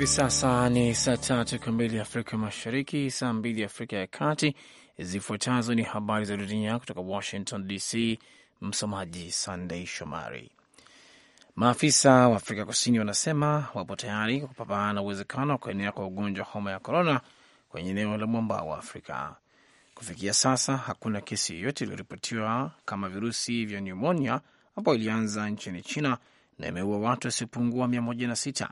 Hivi sasa ni saa tatu kamili Afrika Mashariki, saa mbili Afrika ya Kati. Zifuatazo ni habari za dunia kutoka Washington DC. Msomaji Sandei Shomari. Maafisa wa Afrika Kusini wanasema wapo tayari kupambana na uwezekano wa kuenea kwa ugonjwa wa homa ya korona kwenye eneo la mwambao wa Afrika. Kufikia sasa hakuna kesi yoyote iliyoripotiwa kama virusi vya pneumonia ambayo ilianza nchini China na imeua watu wasiopungua 106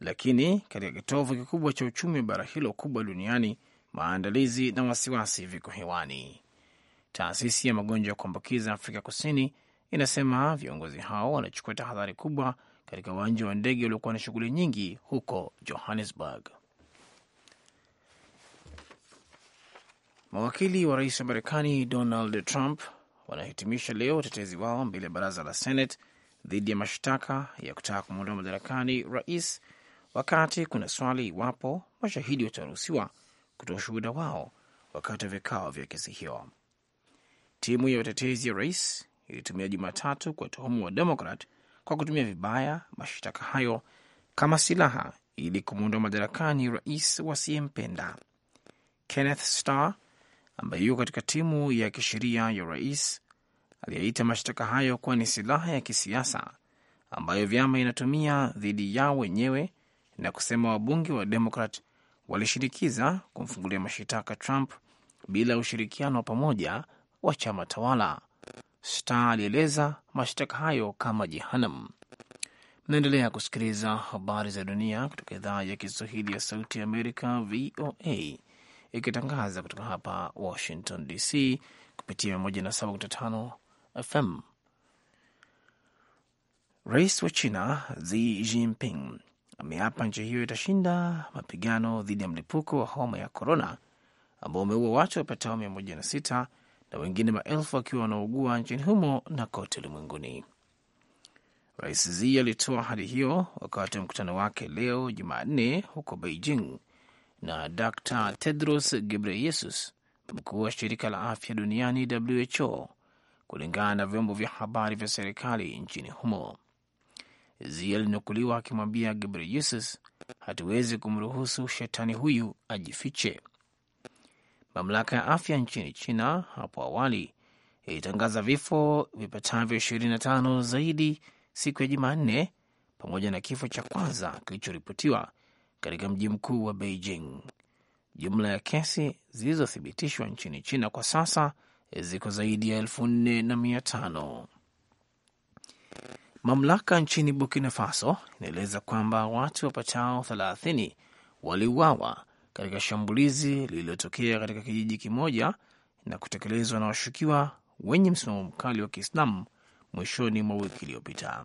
lakini katika kitovu kikubwa cha uchumi wa bara hilo kubwa duniani, maandalizi na wasiwasi viko hewani. Taasisi ya magonjwa ya kuambukiza Afrika Kusini inasema viongozi hao wanachukua tahadhari kubwa katika uwanja wa ndege uliokuwa na shughuli nyingi huko Johannesburg. Mawakili wa rais wa Marekani Donald Trump wanahitimisha leo utetezi wao mbele ya baraza la Senate dhidi ya mashtaka ya kutaka kumwondoa madarakani rais wakati kuna swali iwapo mashahidi wataruhusiwa kutoa ushuhuda wao wakati wa vikao vya kesi hiyo. Timu ya utetezi ya rais ilitumia Jumatatu tuhumu wa Demokrat kwa kutumia vibaya mashtaka hayo kama silaha ili kumwondoa madarakani rais wasiyempenda. Kenneth Starr ambaye yuko katika timu ya kisheria ya rais aliyeita mashtaka hayo kuwa ni silaha ya kisiasa ambayo vyama inatumia dhidi yao wenyewe na kusema wabunge wa Demokrat walishinikiza kumfungulia mashitaka Trump bila ushirikiano wa pamoja wa chama tawala. Star alieleza mashtaka hayo kama jehanam. Mnaendelea kusikiliza habari za dunia kutoka idhaa ya Kiswahili ya Sauti ya Amerika, VOA, ikitangaza kutoka hapa Washington DC kupitia 107.5 FM. Rais wa China Xi Jinping ameapa nchi hiyo itashinda mapigano dhidi ya mlipuko wa homa ya korona ambao umeua watu wapatao mia moja na sita na wengine maelfu wakiwa wanaugua nchini humo na kote ulimwenguni. Rais Xi alitoa hadi hiyo wakati wa mkutano wake leo Jumanne huko Beijing na Dr Tedros Gebreyesus, mkuu wa shirika la afya duniani WHO, kulingana na vyombo vya habari vya serikali nchini humo. Zia alinukuliwa akimwambia Gebreyesus, hatuwezi kumruhusu shetani huyu ajifiche. Mamlaka ya afya nchini China hapo awali ilitangaza vifo vipatavyo 25 zaidi siku ya Jumanne, pamoja na kifo cha kwanza kilichoripotiwa katika mji mkuu wa Beijing. Jumla ya kesi zilizothibitishwa nchini China kwa sasa ziko zaidi ya elfu nne na mia tano. Mamlaka nchini Burkina Faso inaeleza kwamba watu wapatao thelathini waliuawa katika shambulizi lililotokea katika kijiji kimoja na kutekelezwa na washukiwa wenye msimamo mkali wa Kiislamu mwishoni mwa wiki iliyopita.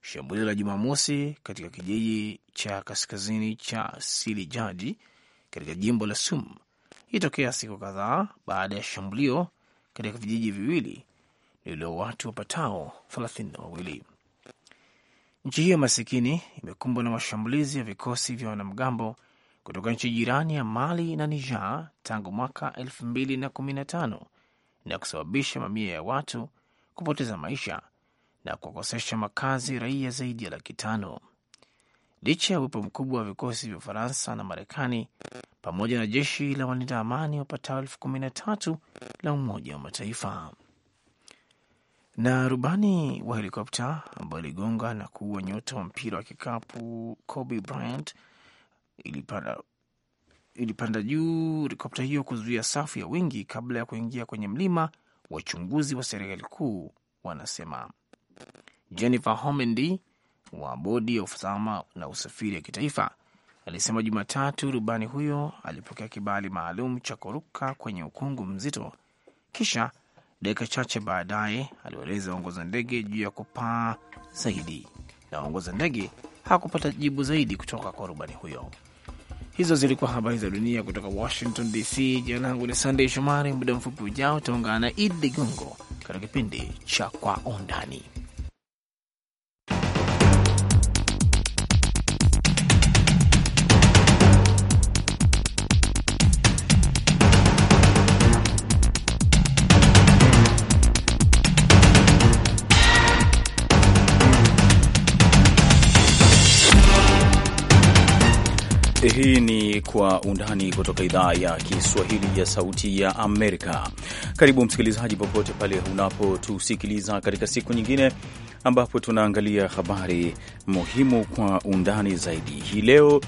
Shambulio la Jumamosi katika kijiji cha kaskazini cha Silijaji katika jimbo la Sum ilitokea siku kadhaa baada ya shambulio katika vijiji viwili lililo watu wapatao thelathini na wawili. Nchi hiyo masikini imekumbwa na mashambulizi ya vikosi vya wanamgambo kutoka nchi jirani ya Mali na Niger tangu mwaka elfu mbili na kumi na tano na kusababisha mamia ya watu kupoteza maisha na kuwakosesha makazi raia zaidi ya laki tano. Licha ya uwepo mkubwa wa vikosi vya Ufaransa na Marekani pamoja na jeshi la walinda amani wapatao elfu kumi na tatu la Umoja wa Mataifa. Na rubani wa helikopta ambayo iligonga na kuua nyota wa mpira wa kikapu Kobe Bryant ilipanda, ilipanda juu helikopta hiyo kuzuia safu ya wingi kabla ya kuingia kwenye mlima. Wachunguzi wa serikali kuu wanasema. Jennifer Homendy wa bodi ya usalama na usafiri ya kitaifa alisema Jumatatu rubani huyo alipokea kibali maalum cha kuruka kwenye ukungu mzito kisha Dakika chache baadaye aliwaeleza waongoza ndege juu ya kupaa zaidi, na waongoza ndege hakupata jibu zaidi kutoka kwa rubani huyo. Hizo zilikuwa habari za dunia kutoka Washington DC. Jina langu ni Sandey Shomari. Muda mfupi ujao utaungana na Idi Ligongo katika kipindi cha Kwa Undani. Hii ni Kwa Undani kutoka idhaa ya Kiswahili ya Sauti ya Amerika. Karibu msikilizaji, popote pale unapotusikiliza katika siku nyingine ambapo tunaangalia habari muhimu kwa undani zaidi. Hii leo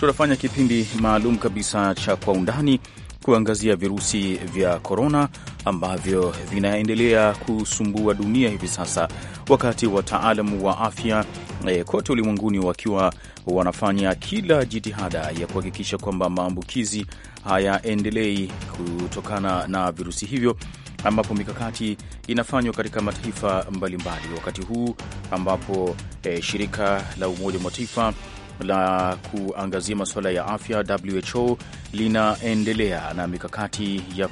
tunafanya kipindi maalum kabisa cha Kwa Undani kuangazia virusi vya korona ambavyo vinaendelea kusumbua dunia hivi sasa, wakati wataalamu wa afya e, kote ulimwenguni wakiwa wanafanya kila jitihada ya kuhakikisha kwamba maambukizi hayaendelei kutokana na virusi hivyo ambapo mikakati inafanywa katika mataifa mbalimbali mbali. Wakati huu ambapo e, shirika la Umoja wa Mataifa la kuangazia masuala ya afya WHO linaendelea na mikakati ya,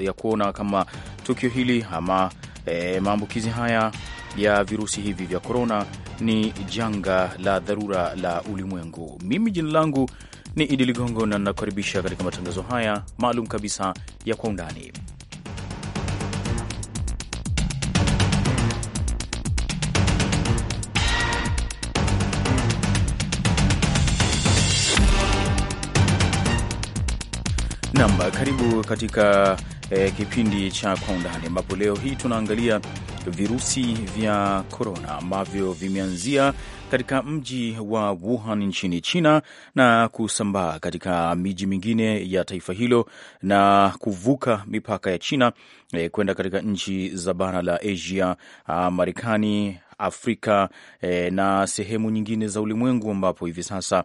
ya kuona kama tukio hili ama e, maambukizi haya ya virusi hivi vya korona ni janga la dharura la ulimwengu. Mimi jina langu ni Idi Ligongo na ninakukaribisha katika matangazo haya maalum kabisa ya kwa undani Nam, karibu katika eh, kipindi cha Kwa Undani, ambapo leo hii tunaangalia virusi vya korona ambavyo vimeanzia katika mji wa Wuhan nchini China na kusambaa katika miji mingine ya taifa hilo na kuvuka mipaka ya China eh, kwenda katika nchi za bara la Asia, ah, Marekani, Afrika eh, na sehemu nyingine za ulimwengu ambapo hivi sasa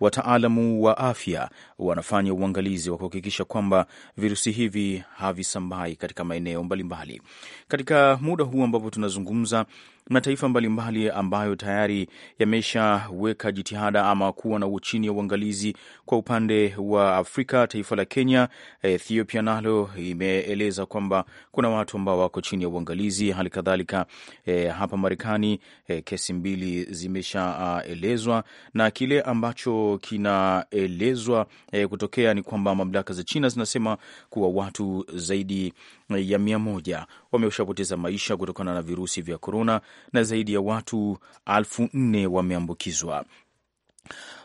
wataalamu wa afya wanafanya uangalizi wa kuhakikisha kwamba virusi hivi havisambai katika maeneo mbalimbali. Katika muda huu ambapo tunazungumza, mataifa mbalimbali ambayo tayari yameshaweka jitihada ama kuwa na chini ya uangalizi kwa upande wa Afrika, taifa la Kenya, Ethiopia nalo imeeleza kwamba kuna watu ambao wako chini ya uangalizi. Hali kadhalika e, hapa Marekani e, kesi mbili zimeshaelezwa na kile ambacho kinaelezwa e, kutokea ni kwamba mamlaka za China zinasema kuwa watu zaidi ya mia moja wameshapoteza maisha kutokana na virusi vya korona na zaidi ya watu alfu nne wameambukizwa.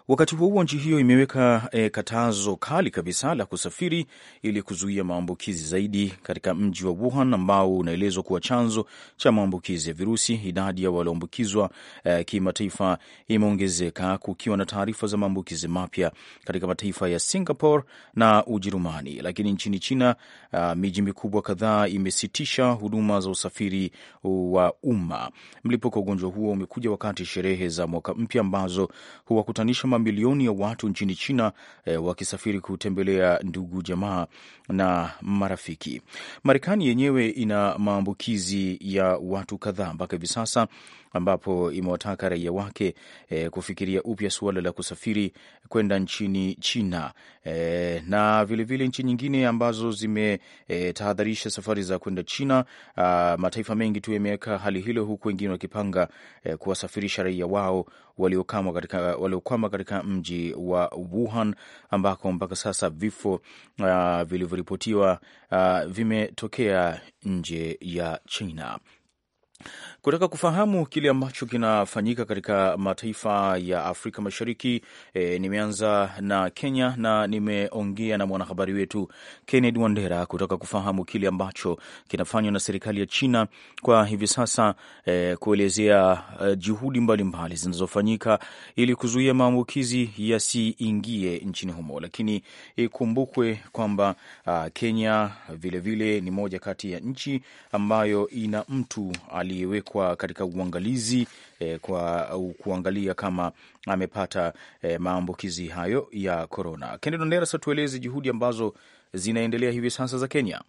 Wakati huo huo, nchi hiyo imeweka e, katazo kali kabisa la kusafiri ili kuzuia maambukizi zaidi katika mji wa Wuhan ambao unaelezwa kuwa chanzo cha maambukizi ya virusi. Idadi ya walioambukizwa e, kimataifa imeongezeka kukiwa na taarifa za maambukizi mapya katika mataifa ya Singapore na Ujerumani. Lakini nchini China, a, ah, miji mikubwa kadhaa imesitisha huduma za usafiri wa umma. Mlipuko wa ugonjwa huo umekuja wakati sherehe za mwaka mpya ambazo huwakutanisha mamilioni ya watu nchini China e, wakisafiri kutembelea ndugu jamaa na marafiki. Marekani yenyewe ina maambukizi ya watu kadhaa mpaka hivi sasa ambapo imewataka raia wake e, kufikiria upya suala la kusafiri kwenda nchini China e, na vilevile nchi nyingine ambazo zimetahadharisha e, safari za kwenda China. A, mataifa mengi tu yameweka hali hilo, huku wengine wakipanga e, kuwasafirisha raia wao waliokwama katika, waliokwama katika mji wa Wuhan ambako mpaka sasa vifo vilivyoripotiwa vimetokea nje ya China. Kutaka kufahamu kile ambacho kinafanyika katika mataifa ya Afrika Mashariki, e, nimeanza na Kenya na nimeongea na mwanahabari wetu Kennedy Wandera kutaka kufahamu kile ambacho kinafanywa na serikali ya China kwa hivi sasa, e, kuelezea e, juhudi mbalimbali zinazofanyika ili kuzuia maambukizi yasiingie nchini humo, lakini ikumbukwe e, kwamba ah, Kenya vilevile vile ni moja kati ya nchi ambayo ina mtu ali aliyewekwa katika uangalizi eh, kwa kuangalia kama amepata eh, maambukizi hayo ya korona. Kennedy Ondera, sasa tueleze juhudi ambazo zinaendelea hivi sasa za Kenya.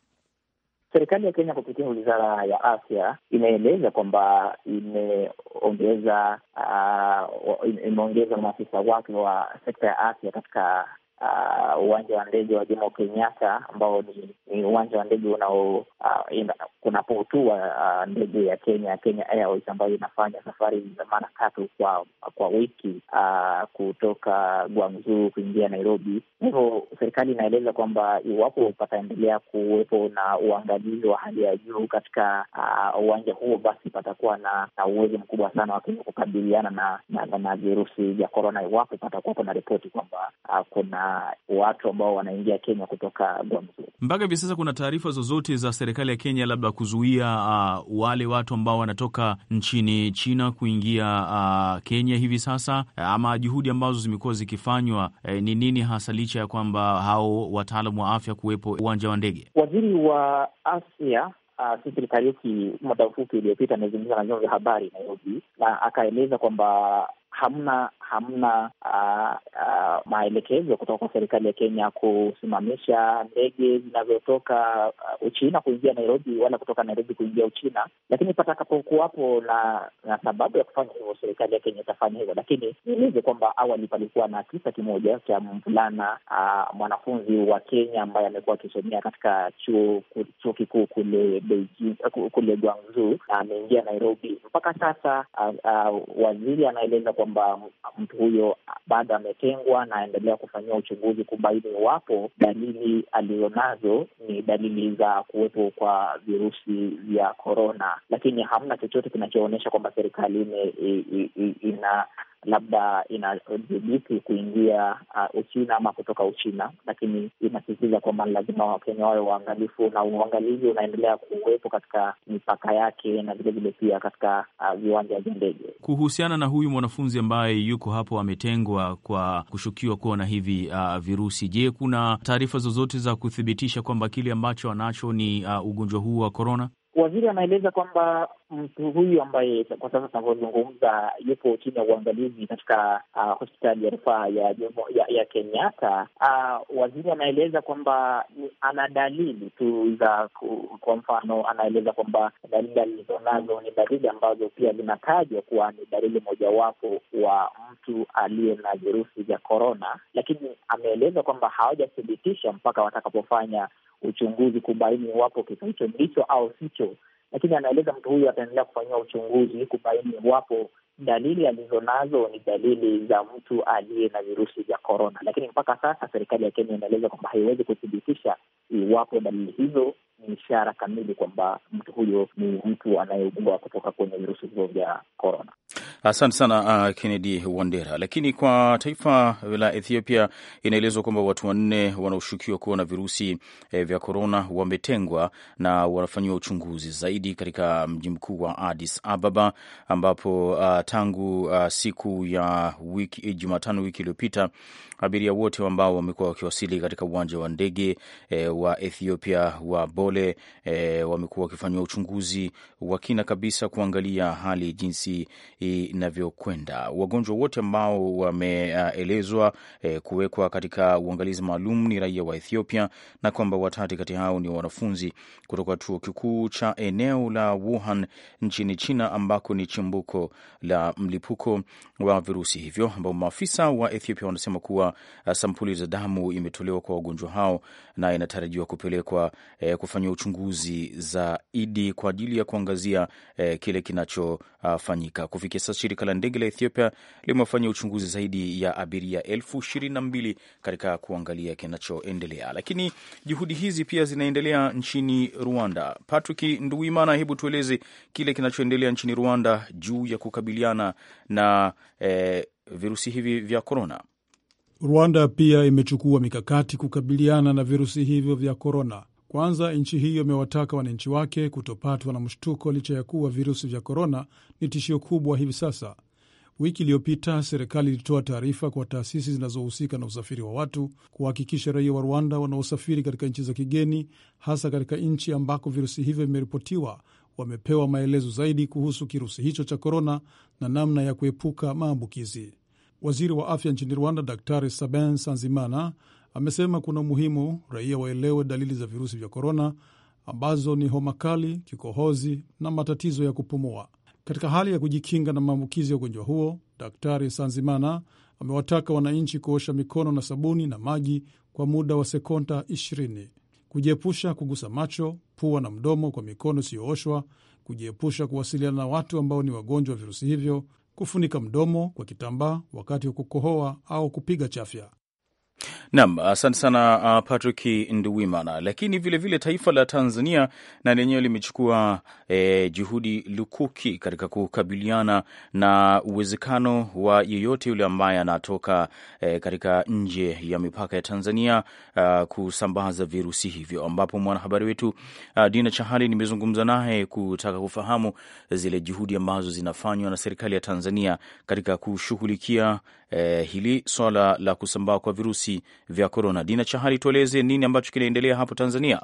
Serikali ya Kenya kupitia wizara ya afya inaeleza kwamba imeongeza uh, imeongeza maafisa wake wa sekta ya afya katika Uh, uwanja uh, wa ndege wa Jomo Kenyatta ambao ni uwanja wa ndege unao uh, kunapotua uh, ndege ya Kenya Kenya Airways ambayo inafanya safari za mara tatu kwa kwa wiki uh, kutoka Guangzhou kuingia Nairobi. Hivyo serikali inaeleza kwamba iwapo pataendelea kuwepo na uangalizi wa hali ya juu katika uh, uwanja uh, huo, basi patakuwa na, na uwezo mkubwa sana wa Kenya kukabiliana na, na, na virusi vya korona iwapo patakuwapo na ripoti kwamba uh, kuna Uh, watu ambao wanaingia Kenya kutoka Guamzuri. Mpaka hivi sasa kuna taarifa zozote za serikali ya Kenya labda kuzuia uh, wale watu ambao wanatoka nchini China kuingia uh, Kenya hivi sasa, ama juhudi ambazo zimekuwa zikifanywa eh, ni nini hasa, licha ya kwamba hao wataalam wa afya kuwepo uwanja wa ndege? Waziri wa afya Uh, Sicily Kariuki muda mfupi uliopita amezungumza na vyombo vya habari Nairobi, na akaeleza kwamba hamna hamna uh, uh, maelekezo kutoka kwa serikali ya Kenya kusimamisha ndege zinazotoka uh, Uchina kuingia Nairobi wala kutoka Nairobi kuingia Uchina, lakini patakapokuwapo na, na sababu ya kufanya hivyo, serikali ya Kenya itafanya hivyo. Lakini nieleze kwamba awali palikuwa na kisa kimoja cha mvulana uh, mwanafunzi wa Kenya ambaye amekuwa akisomea katika chuo, chuo kikuu kule Beijing, kule Guangzhou na ameingia Nairobi. Mpaka sasa uh, uh, waziri anaeleza kwa kwamba mtu huyo bado ametengwa na aendelea kufanyia uchunguzi kubaini iwapo dalili alizonazo ni dalili za kuwepo kwa virusi vya korona, lakini hamna chochote kinachoonyesha kwamba serikali ina labda inadhibiti kuingia uh, Uchina ama kutoka Uchina, lakini inasisitiza kwamba ni lazima Wakenya wawe waangalifu na uangalizi unaendelea kuwepo katika mipaka yake na vilevile pia katika uh, viwanja vya ndege. Kuhusiana na huyu mwanafunzi ambaye yuko hapo ametengwa kwa kushukiwa kuwa na hivi uh, virusi, je, kuna taarifa zozote za kuthibitisha kwamba kile ambacho anacho ni uh, ugonjwa huu wa korona? Waziri anaeleza kwamba mtu huyu ambaye kwa sasa tunavyozungumza yupo chini ya uangalizi katika uh, hospitali ya rufaa ya ya, ya Kenyatta. Uh, waziri anaeleza kwamba ana dalili tu za, kwa mfano, anaeleza kwamba dalili alizonazo ni dalili ambazo pia zinatajwa kuwa ni dalili mojawapo wa mtu aliye na virusi vya korona, lakini ameeleza kwamba hawajathibitisha mpaka watakapofanya uchunguzi kubaini iwapo kisa hicho ndicho au sicho, lakini anaeleza mtu huyu ataendelea kufanyiwa uchunguzi kubaini iwapo dalili alizonazo ni dalili za mtu aliye na virusi vya korona. Lakini mpaka sasa serikali ya Kenya inaeleza kwamba haiwezi kuthibitisha iwapo dalili hizo ni ishara kamili kwamba mtu huyo ni mtu anayeugua kutoka kwenye virusi hivyo vya korona. Asante sana uh, Kennedy Wandera. Lakini kwa taifa la Ethiopia inaelezwa kwamba watu wanne wanaoshukiwa kuwa na virusi eh, vya korona wametengwa na wanafanyiwa uchunguzi zaidi katika mji mkuu wa Addis Ababa ambapo uh, tangu uh, siku ya wiki Jumatano wiki iliyopita abiria wote ambao wamekuwa wakiwasili katika uwanja wa ndege eh, wa Ethiopia wa Bole eh, wamekuwa wakifanyiwa uchunguzi wa kina kabisa kuangalia hali jinsi inavyokwenda. Wagonjwa wote ambao wameelezwa eh, kuwekwa katika uangalizi maalum ni raia wa Ethiopia na kwamba watatu kati hao ni wanafunzi kutoka chuo kikuu cha eneo la Wuhan nchini China ambako ni chimbuko la mlipuko wa virusi hivyo, ambao maafisa wa Ethiopia wanasema kuwa eh, sampuli za damu imetolewa kwa wagonjwa hao na inatarajiwa kupelekwa eh, kufanyia uchunguzi zaidi kwa ajili ya kuangazia eh, kile kinachofanyika kufikia sasa shirika la ndege la Ethiopia limefanya uchunguzi zaidi ya abiria elfu ishirini na mbili katika kuangalia kinachoendelea, lakini juhudi hizi pia zinaendelea nchini Rwanda. Patrick nduimana hebu tueleze kile kinachoendelea nchini Rwanda juu ya kukabiliana na eh, virusi hivi vya korona. Rwanda pia imechukua mikakati kukabiliana na virusi hivyo vya korona. Kwanza, nchi hiyo imewataka wananchi wake kutopatwa na mshtuko licha ya kuwa virusi vya korona ni tishio kubwa hivi sasa. Wiki iliyopita serikali ilitoa taarifa kwa taasisi zinazohusika na usafiri wa watu kuhakikisha raia wa Rwanda wanaosafiri katika nchi za kigeni, hasa katika nchi ambako virusi hivyo vimeripotiwa, wamepewa maelezo zaidi kuhusu kirusi hicho cha korona na namna ya kuepuka maambukizi. Waziri wa afya nchini Rwanda, Daktari Sabin Sanzimana, amesema kuna umuhimu raia waelewe dalili za virusi vya korona ambazo ni homa kali, kikohozi na matatizo ya kupumua. Katika hali ya kujikinga na maambukizi ya ugonjwa huo, Daktari Sanzimana amewataka wananchi kuosha mikono na sabuni na maji kwa muda wa sekonda 20, kujiepusha kugusa macho, pua na mdomo kwa mikono isiyooshwa, kujiepusha kuwasiliana na watu ambao ni wagonjwa wa virusi hivyo, kufunika mdomo kwa kitambaa wakati wa kukohoa au kupiga chafya nam asante sana uh, Patrick Nduwimana. Lakini vilevile vile taifa la Tanzania na lenyewe limechukua eh, juhudi lukuki katika kukabiliana na uwezekano wa yeyote yule ambaye anatoka eh, katika nje ya mipaka ya Tanzania uh, kusambaza virusi hivyo, ambapo mwanahabari wetu uh, Dina Chahali nimezungumza naye kutaka kufahamu zile juhudi ambazo zinafanywa na serikali ya Tanzania katika kushughulikia eh, hili swala la kusambaa kwa virusi virusi vya korona. Dina Chahali, tueleze nini ambacho kinaendelea hapo Tanzania?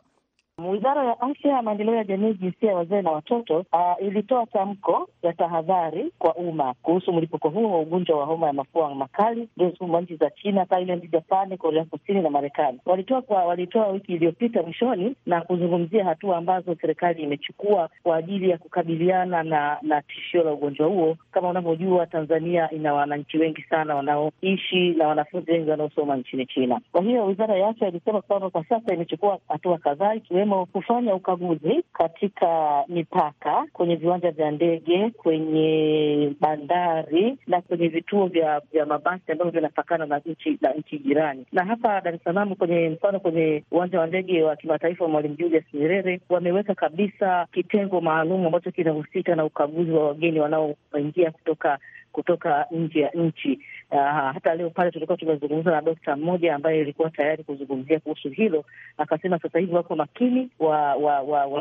Wizara ya Afya ya Maendeleo ya Jamii, Jinsia ya Wazee na Watoto uh, ilitoa tamko ya tahadhari kwa umma kuhusu mlipuko huo wa ugonjwa wa homa ya mafua makali uliozuma nchi za China, Thailand, Japani, Korea Kusini na Marekani. Walitoa kwa walitoa wiki iliyopita mwishoni na kuzungumzia hatua ambazo serikali imechukua kwa ajili ya kukabiliana na na tishio la ugonjwa huo. Kama unavyojua, Tanzania ina wananchi wengi sana wanaoishi na wanafunzi wengi wanaosoma nchini China. Kwa hiyo wizara ya afya ilisema kwamba kwa sasa imechukua hatua kadhaa ikiwemo ikiwemo kufanya ukaguzi katika mipaka, kwenye viwanja vya ndege, kwenye bandari na kwenye vituo vya vya mabasi ambavyo vinapakana na nchi na nchi jirani. Na hapa Dar es Salaam, kwenye mfano, kwenye uwanja wa ndege wa kimataifa wa Mwalimu Julius Nyerere wameweka kabisa kitengo maalum ambacho kinahusika na ukaguzi wa wageni wanaoingia kutoka kutoka nje ya nchi. Uh, hata leo pale tulikuwa tumezungumza na dokta mmoja ambaye ilikuwa tayari kuzungumzia kuhusu hilo, akasema sasa hivi wako makini wa wageni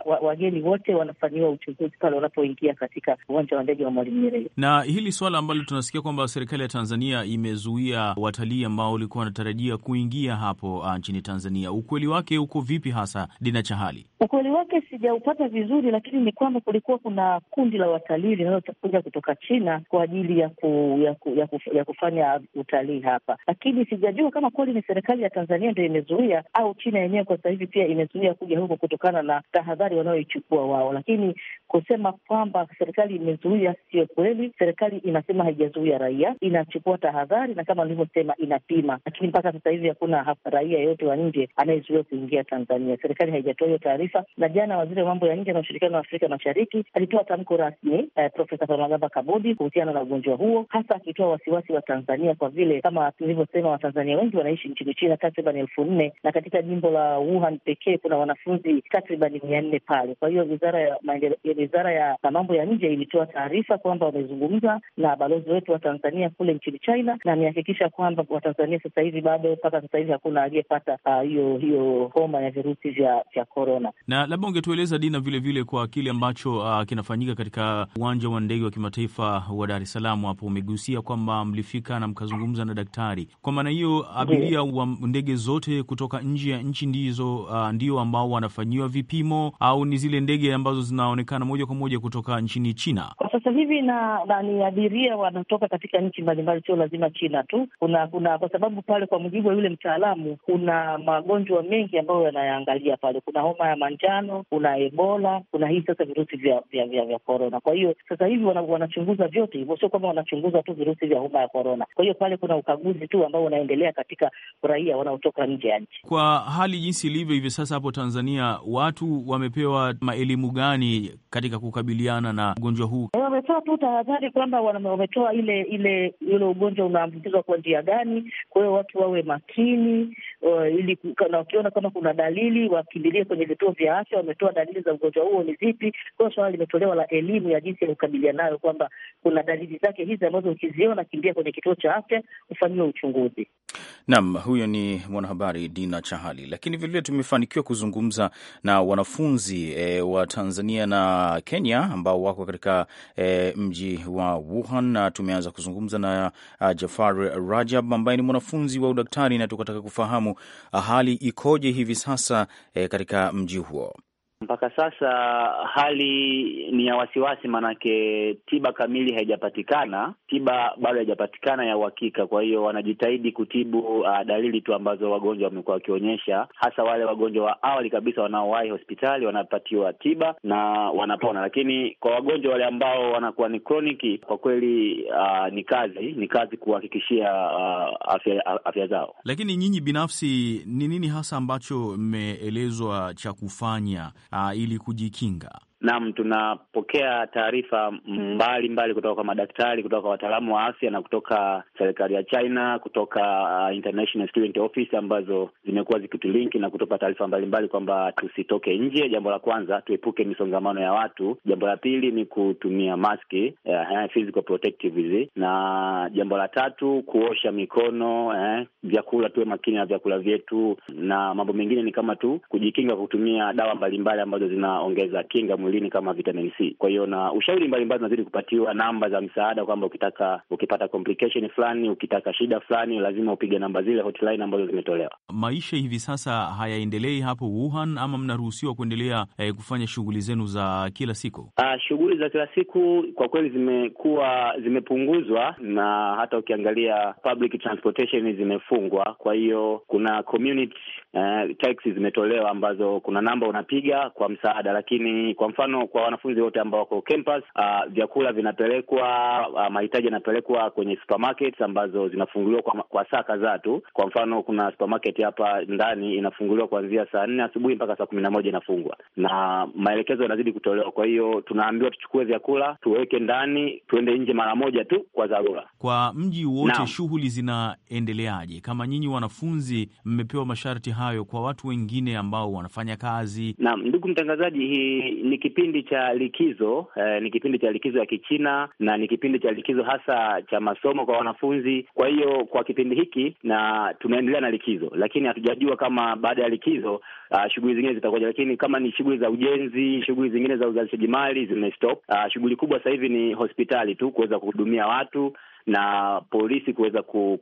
wa, wa, wa, wa wote wanafanyiwa uchunguzi pale wanapoingia katika uwanja wa ndege wa Mwalimu Nyerere. Na hili swala ambalo tunasikia kwamba serikali ya Tanzania imezuia watalii ambao walikuwa wanatarajia kuingia hapo ah, nchini Tanzania, ukweli wake uko vipi hasa, Dina Chahali? Ukweli wake sijaupata vizuri, lakini ni kwamba kulikuwa kuna kundi la watalii linalokuja kutoka China kwa ajili ya ya, ku, ya, ku, ya, ku, ya kufanya utalii hapa, lakini sijajua kama kweli ni serikali ya Tanzania ndio imezuia au China yenyewe kwa sasa hivi pia imezuia kuja huko kutokana na tahadhari wanayoichukua wao. Lakini kusema kwamba serikali imezuia sio kweli. Serikali inasema haijazuia raia, inachukua tahadhari na kama nilivyosema inapima, lakini mpaka sasa hivi hakuna raia yeyote wa nje anayezuiwa kuingia Tanzania. Serikali haijatoa hiyo taarifa, na jana waziri wa mambo ya nje na ushirikiano wa Afrika Mashariki alitoa tamko rasmi eh, Profesa Palamagamba Kabudi kuhusiana na ugonjwa ugonjwa huo, hasa akitoa wasiwasi wa Tanzania kwa vile kama tulivyosema, Watanzania wengi wanaishi nchini China takriban elfu nne na katika jimbo la Wuhan pekee kuna wanafunzi takriban mia nne pale. Kwa hiyo wizara ya maendeleo, wizara ya mambo ya nje ilitoa taarifa kwamba wamezungumza na balozi wetu wa Tanzania kule nchini China na amehakikisha kwamba Watanzania sasa hivi bado mpaka sasa hivi hakuna aliyepata ah, hiyo uh, hiyo homa ya virusi vya vya korona. Na labda ungetueleza Dina vilevile vile kwa kile ambacho uh, kinafanyika katika uwanja wa ndege wa kimataifa wa Dar es Salaam salamu hapo umegusia kwamba mlifika na mkazungumza na daktari. Kwa maana hiyo abiria wa ndege zote kutoka nje ya nchi ndizo uh, ndio ambao wanafanyiwa vipimo au ni zile ndege ambazo zinaonekana moja kwa moja kutoka nchini China kwa sasa hivi, na, na ni abiria wanatoka katika nchi mbalimbali, sio lazima China tu. Kuna kuna kwa sababu pale, kwa mujibu wa yule mtaalamu, kuna magonjwa mengi ambayo yanayaangalia pale. Kuna homa ya manjano, kuna Ebola, kuna hii sasa virusi vya vya vya korona. Kwa hiyo sasa hivi wanachunguza vyote hivyo, sio kama wanachunguza tu virusi vya homa ya korona. Kwa hiyo pale kuna ukaguzi tu ambao unaendelea katika raia wanaotoka nje ya nchi. Kwa hali jinsi ilivyo hivi sasa hapo Tanzania, watu wamepewa maelimu gani katika kukabiliana na ugonjwa huu? Eh, wamepewa tu tahadhari kwamba wametoa ile ile ule ugonjwa unaambukizwa kwa njia gani. Kwa hiyo watu wawe makini, ili na wakiona kama kuna dalili wakimbilie kwenye vituo vya afya. Wametoa dalili za ugonjwa huo ni zipi? Kwa hiyo swala limetolewa la elimu ya jinsi ya kukabiliana nayo, kwamba kuna dalili zake zake hizi ambazo ukiziona kimbia kwenye kituo cha afya ufanyiwe uchunguzi. Naam, huyo ni mwanahabari Dina Chahali. Lakini vilevile tumefanikiwa kuzungumza na wanafunzi e, wa Tanzania na Kenya ambao wako katika e, mji wa Wuhan, na tumeanza kuzungumza na a, ah, Jafar Rajab ambaye ni mwanafunzi wa udaktari, na tukataka kufahamu ah, hali ikoje hivi sasa e, katika mji huo. Mpaka sasa hali ni ya wasiwasi, maanake tiba kamili haijapatikana, tiba bado haijapatikana ya uhakika. Kwa hiyo wanajitahidi kutibu uh, dalili tu ambazo wagonjwa wamekuwa wakionyesha, hasa wale wagonjwa wa awali kabisa wanaowahi hospitali wanapatiwa tiba na wanapona, lakini kwa wagonjwa wale ambao wanakuwa ni kroniki, kwa kweli uh, ni kazi, ni kazi kuhakikishia uh, afya, afya zao. Lakini nyinyi binafsi, ni nini hasa ambacho mmeelezwa cha kufanya? uh, ili kujikinga. Naam, tunapokea taarifa mbalimbali kutoka kwa madaktari, kutoka kwa wataalamu wa afya na kutoka serikali ya China, kutoka uh, International Student Office ambazo zimekuwa zikitulinki na kutupa taarifa mbalimbali kwamba tusitoke nje. Jambo la kwanza, tuepuke misongamano ya watu. Jambo la pili ni kutumia maski, uh, eh, physical protective hizi, na jambo la tatu kuosha mikono eh, vyakula, tuwe makini na vyakula vyetu, na mambo mengine ni kama tu kujikinga kwa kutumia dawa mbalimbali ambazo zinaongeza kinga mwili mwilini kama vitamin C. Kwa hiyo na ushauri mbalimbali unazidi kupatiwa, namba za msaada kwamba ukitaka ukipata complication fulani, ukitaka shida fulani, lazima upige namba zile hotline ambazo zimetolewa. Maisha hivi sasa hayaendelei hapo Wuhan ama mnaruhusiwa kuendelea eh, kufanya shughuli zenu za kila siku? Ah, shughuli za kila siku kwa kweli zimekuwa zimepunguzwa, na hata ukiangalia public transportation zimefungwa. Kwa hiyo kuna community eh, taxi zimetolewa ambazo kuna namba unapiga kwa msaada, lakini kwa mfano mfano kwa wanafunzi wote ambao wako campus, uh, vyakula vinapelekwa, uh, mahitaji yanapelekwa kwenye supermarket ambazo zinafunguliwa kwa, kwa saa kadhaa tu. Kwa mfano kuna supermarket hapa ndani inafunguliwa kuanzia saa nne asubuhi mpaka saa kumi na moja inafungwa, na maelekezo yanazidi kutolewa. Kwa hiyo tunaambiwa tuchukue vyakula tuweke ndani, tuende nje mara moja tu kwa dharura. Kwa mji wote shughuli zinaendeleaje? Kama nyinyi wanafunzi mmepewa masharti hayo, kwa watu wengine ambao wanafanya kazi? Naam, ndugu mtangazaji, hii ni kipindi cha likizo eh, ni kipindi cha likizo ya Kichina na ni kipindi cha likizo hasa cha masomo kwa wanafunzi. Kwa hiyo kwa kipindi hiki na tunaendelea na likizo, lakini hatujajua kama baada ya likizo uh, shughuli zingine zitakuja, lakini kama ni shughuli za ujenzi, shughuli zingine za uzalishaji mali zimestop. Uh, ah, shughuli kubwa sasa hivi ni hospitali tu kuweza kuhudumia watu na polisi kuweza ku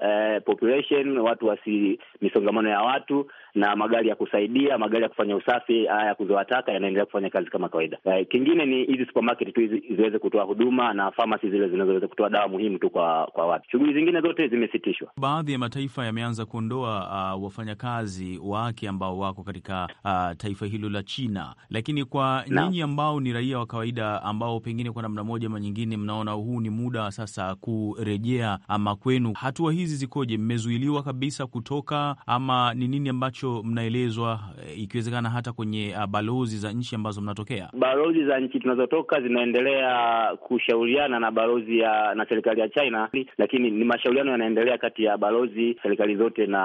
eh, population watu wasi misongamano ya watu na magari ya kusaidia magari ya kufanya usafi haya ya kuzoa taka yanaendelea kufanya kazi kama kawaida. Eh, kingine ni hizi supermarket tu ziweze kutoa huduma na pharmacy zile zinazoweza kutoa dawa muhimu tu kwa kwa watu. Shughuli zingine zote zimesitishwa. Baadhi ya mataifa yameanza kuondoa uh, wafanyakazi wake ambao wako katika uh, taifa hilo la China, lakini kwa nyinyi ambao ni raia wa kawaida ambao pengine kwa namna moja ama nyingine mnaona huu ni muda sasa sasa kurejea ama kwenu, hatua hizi zikoje? Mmezuiliwa kabisa kutoka ama ni nini ambacho mnaelezwa, eh, ikiwezekana hata kwenye ah, balozi za nchi ambazo mnatokea? Balozi za nchi tunazotoka zinaendelea kushauriana na balozi ya na serikali ya China, lakini ni mashauriano yanaendelea kati ya balozi serikali zote na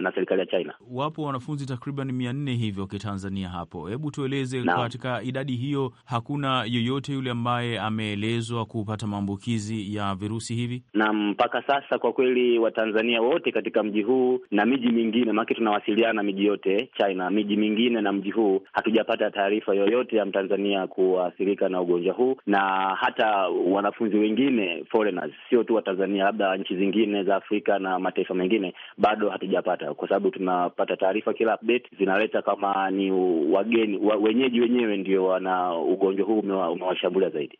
na serikali ya China. Wapo wanafunzi takriban mia nne hivyo kitanzania hapo, hebu tueleze no. Katika idadi hiyo hakuna yoyote yule ambaye ameelezwa kupata maambukizi ya virusi hivi? Na mpaka sasa kwa kweli Watanzania wote katika mji huu na miji mingine, maanake tunawasiliana miji yote China, miji mingine na mji huu, hatujapata taarifa yoyote ya Mtanzania kuathirika na ugonjwa huu, na hata wanafunzi wengine foreigners, sio tu Watanzania, labda nchi zingine za Afrika na mataifa mengine, bado hatujapata, kwa sababu tunapata taarifa kila update zinaleta kama ni wageni wa, wenyeji wenyewe ndio wana ugonjwa huu umewashambulia zaidi.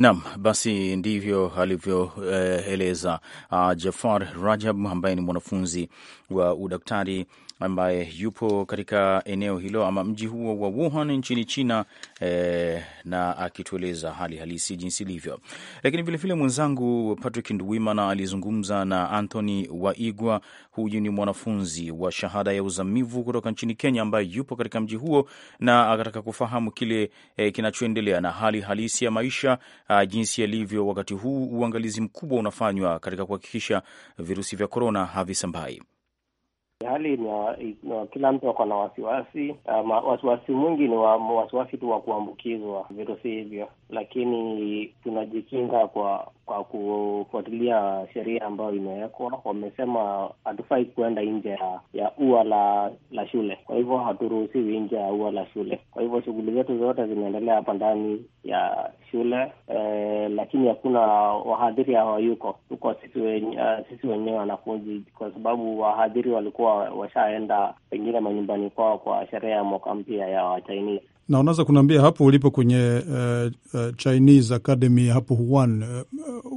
Nam, basi ndivyo alivyoeleza uh, Jafar Rajab ambaye ni mwanafunzi wa udaktari ambaye yupo katika eneo hilo ama mji huo wa Wuhan nchini China eh, na akitueleza hali halisi jinsi ilivyo. Lakini vilevile mwenzangu Patrick ndwimana alizungumza na Anthony Waigwa, huyu ni mwanafunzi wa shahada ya uzamivu kutoka nchini Kenya ambaye yupo katika mji huo na akataka kufahamu kile eh, kinachoendelea na hali halisi ya maisha eh, jinsi yalivyo wakati huu, uangalizi mkubwa unafanywa katika kuhakikisha virusi vya korona havisambai. Hali ina kila mtu ako na wasiwasi. Ah, wasiwasi mwingi ni wa wasiwasi tu wa kuambukizwa virusi hivyo lakini tunajikinga kwa kwa kufuatilia sheria ambayo imewekwa. Wamesema hatufai kuenda nje ya ya ua la la shule, kwa hivyo haturuhusiwi nje ya ua la shule. Kwa hivyo shughuli zetu zote zinaendelea hapa ndani ya shule e, lakini hakuna wahadhiri hawayuko, tuko sisi wenyewe uh, wanafunzi, kwa sababu wahadhiri walikuwa washaenda pengine manyumbani kwao kwa sherehe ya mwaka mpya ya Wachainisi na unaweza kuniambia hapo ulipo kwenye uh, uh, Chinese Academy hapo Wuhan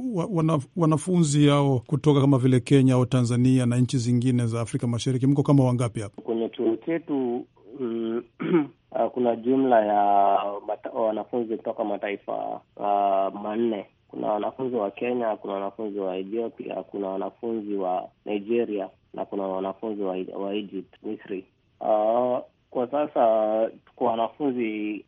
uh, wana, wanafunzi ao kutoka kama vile Kenya au Tanzania na nchi zingine za Afrika Mashariki mko kama wangapi hapo kwenye chuo chetu? uh, kuna jumla ya mata, wanafunzi kutoka mataifa uh, manne kuna wanafunzi wa Kenya, kuna wanafunzi wa Ethiopia, kuna wanafunzi wa Nigeria na kuna wanafunzi wa, wa Egypt, Misri. Uh, kwa sasa kwa wanafunzi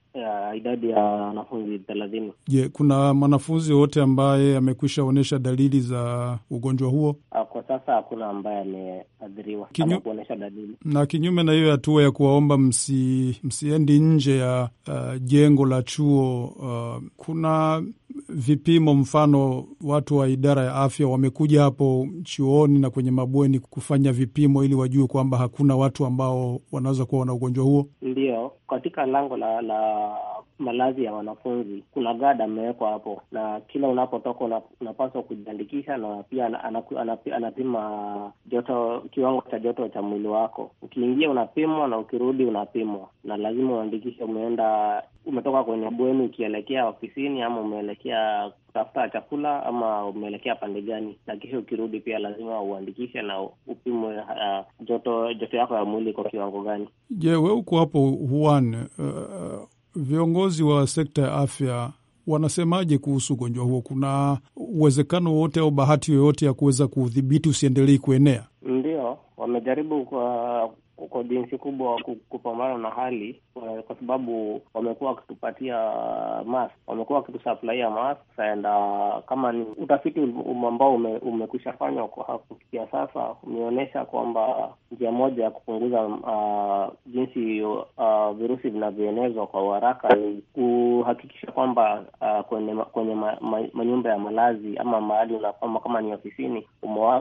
idadi ya wanafunzi thelathini. Je, yeah, kuna mwanafunzi yoyote ambaye amekwisha onyesha dalili za ugonjwa huo? Ah, kwa sasa hakuna ambaye ameathiriwa Kinyu... kuonyesha dalili. Na kinyume na hiyo hatua ya kuwaomba msi, msiendi nje ya uh, jengo la chuo uh, kuna vipimo, mfano watu wa idara ya afya wamekuja hapo chuoni na kwenye mabweni kufanya vipimo ili wajue kwamba hakuna watu ambao wanaweza kuwa wana ugonjwa huo? Ndio, katika lango la, la malazi ya wanafunzi, kuna gada amewekwa hapo, na kila unapotoka una, unapaswa kujiandikisha, na pia anapima joto, kiwango cha joto cha mwili wako. Ukiingia unapimwa na ukirudi unapimwa, na lazima uandikishe umeenda umetoka kwenye bweni ukielekea ofisini ama umeelekea kutafuta chakula ama umeelekea pande gani, na kisha ukirudi pia lazima uandikishe na upimwe uh, joto joto yako ya mwili kwa kiwango gani. Je, we uko hapo uh, viongozi wa sekta ya afya wanasemaje kuhusu ugonjwa huo? Kuna uwezekano wowote au bahati yoyote ya kuweza kuudhibiti usiendelei kuenea? Ndio, wamejaribu kwa kwa jinsi kubwa kupambana na hali, eh, kwa sababu wamekuwa wakitupatia mask, wamekuwa wakitusuplaia mask and uh, kama ni utafiti ambao ume, umekwisha fanywa kufikia sasa umeonyesha kwamba njia moja ya kupunguza uh, jinsi uh, virusi vinavyoenezwa kwa uharaka ni kuhakikisha kwamba uh, kwenye, kwenye ma, ma, manyumba ya malazi ama mahali ama kama ni ofisini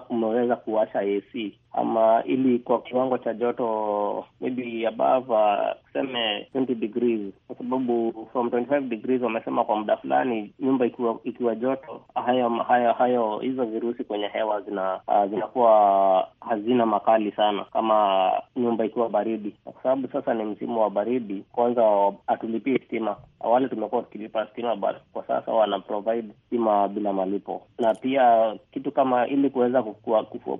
umeweza kuwasha AC ama ili kwa kiwango cha joto iko maybe above uh, 20 degrees, kwa sababu from 25 degrees wamesema kwa muda fulani nyumba ikiwa ikiwa joto, hayo hayo hayo hizo virusi kwenye hewa zina uh, zinakuwa hazina makali sana kama nyumba ikiwa baridi, kwa sababu sasa ni msimu wa baridi. Kwanza hatulipii stima, awali tumekuwa tukilipa stima, but kwa sasa wana provide stima bila malipo, na pia kitu kama ili kuweza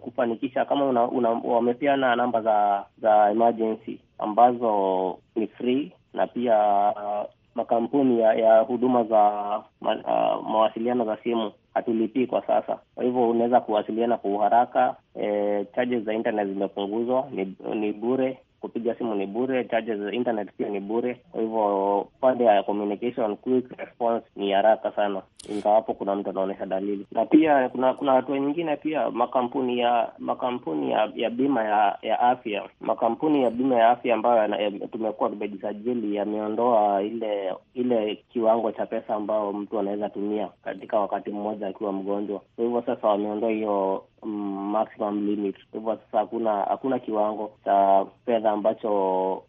kufanikisha kama una, una, wamepeana namba za za emergency ambazo ni free na pia uh, makampuni ya, ya huduma za ma, uh, mawasiliano za simu hatulipii kwa sasa. Kwa hivyo unaweza kuwasiliana kwa uharaka. E, charges za internet zimepunguzwa, ni, ni bure kupiga simu ni bure, charges za internet pia ni bure. Kwa hivyo pande ya communication, quick response ni haraka sana, ingawapo kuna mtu anaonyesha dalili. Na pia kuna kuna hatua nyingine pia, makampuni ya makampuni ya, ya bima ya, ya afya, makampuni ya bima ya afya ambayo ya, tumekuwa tumejisajili yameondoa ile ile kiwango cha pesa ambayo mtu anaweza tumia katika wakati mmoja akiwa mgonjwa. Kwa hivyo sasa wameondoa hiyo maximum limit. Hivyo sasa hakuna hakuna kiwango cha fedha ambacho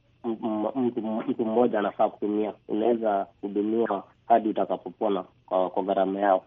mtu mmoja anafaa kutumia. Unaweza hudumiwa hadi utakapopona kwa, kwa gharama yao.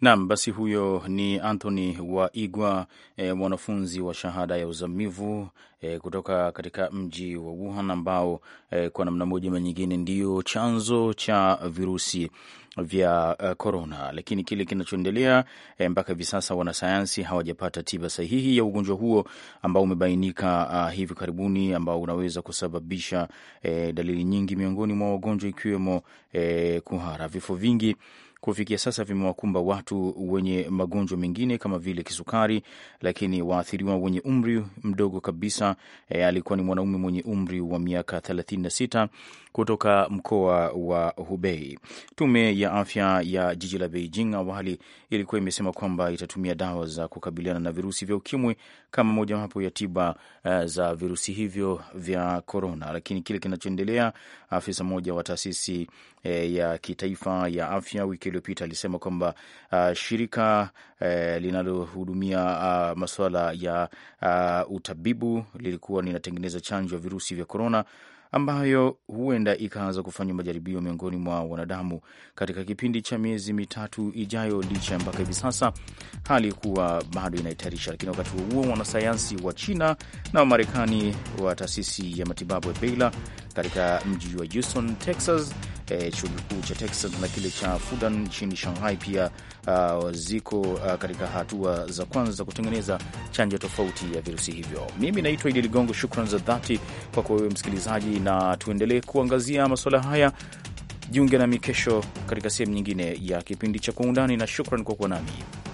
Naam, basi huyo ni Anthony Waigwa, e, mwanafunzi wa shahada ya uzamivu e, kutoka katika mji wa Wuhan ambao e, kwa namna moja ama nyingine ndio chanzo cha virusi vya korona. E, Lakini kile kinachoendelea e, mpaka hivi sasa wanasayansi hawajapata tiba sahihi ya ugonjwa huo ambao umebainika uh, hivi karibuni ambao unaweza kusababisha e, dalili nyingi miongoni mwa wagonjwa ikiwemo e, kuhara. Vifo vingi kufikia sasa vimewakumba watu wenye magonjwa mengine kama vile kisukari, lakini waathiriwa wenye umri mdogo kabisa e, alikuwa ni mwanaume mwenye umri wa miaka 36 kutoka mkoa wa Hubei. Tume ya afya ya jiji la Beijing awali ilikuwa imesema kwamba itatumia dawa za kukabiliana na virusi vya ukimwi kama mojawapo ya tiba eh, za virusi hivyo vya korona, lakini kile kinachoendelea, afisa mmoja wa taasisi e, ya kitaifa ya afya wiki iliyopita alisema kwamba uh, shirika uh, linalohudumia uh, masuala ya uh, utabibu lilikuwa linatengeneza chanjo ya virusi vya korona ambayo huenda ikaanza kufanywa majaribio miongoni mwa wanadamu katika kipindi cha miezi mitatu ijayo, licha ya mpaka hivi sasa hali kuwa bado inahitarisha. Lakini wakati huo huo, wanasayansi wa China na Wamarekani wa taasisi ya matibabu ya Baylor katika mji wa Houston, Texas, eh, chuo kikuu cha Texas na kile cha Fudan nchini Shanghai pia uh, ziko uh, katika hatua za kwanza za kutengeneza chanjo tofauti ya virusi hivyo. Mimi naitwa Idi Ligongo, shukran za dhati kwako wewe msikilizaji, na tuendelee kuangazia masuala haya. Jiunge nami kesho katika sehemu nyingine ya kipindi cha Kwa Undani, na shukran kwa kuwa nami.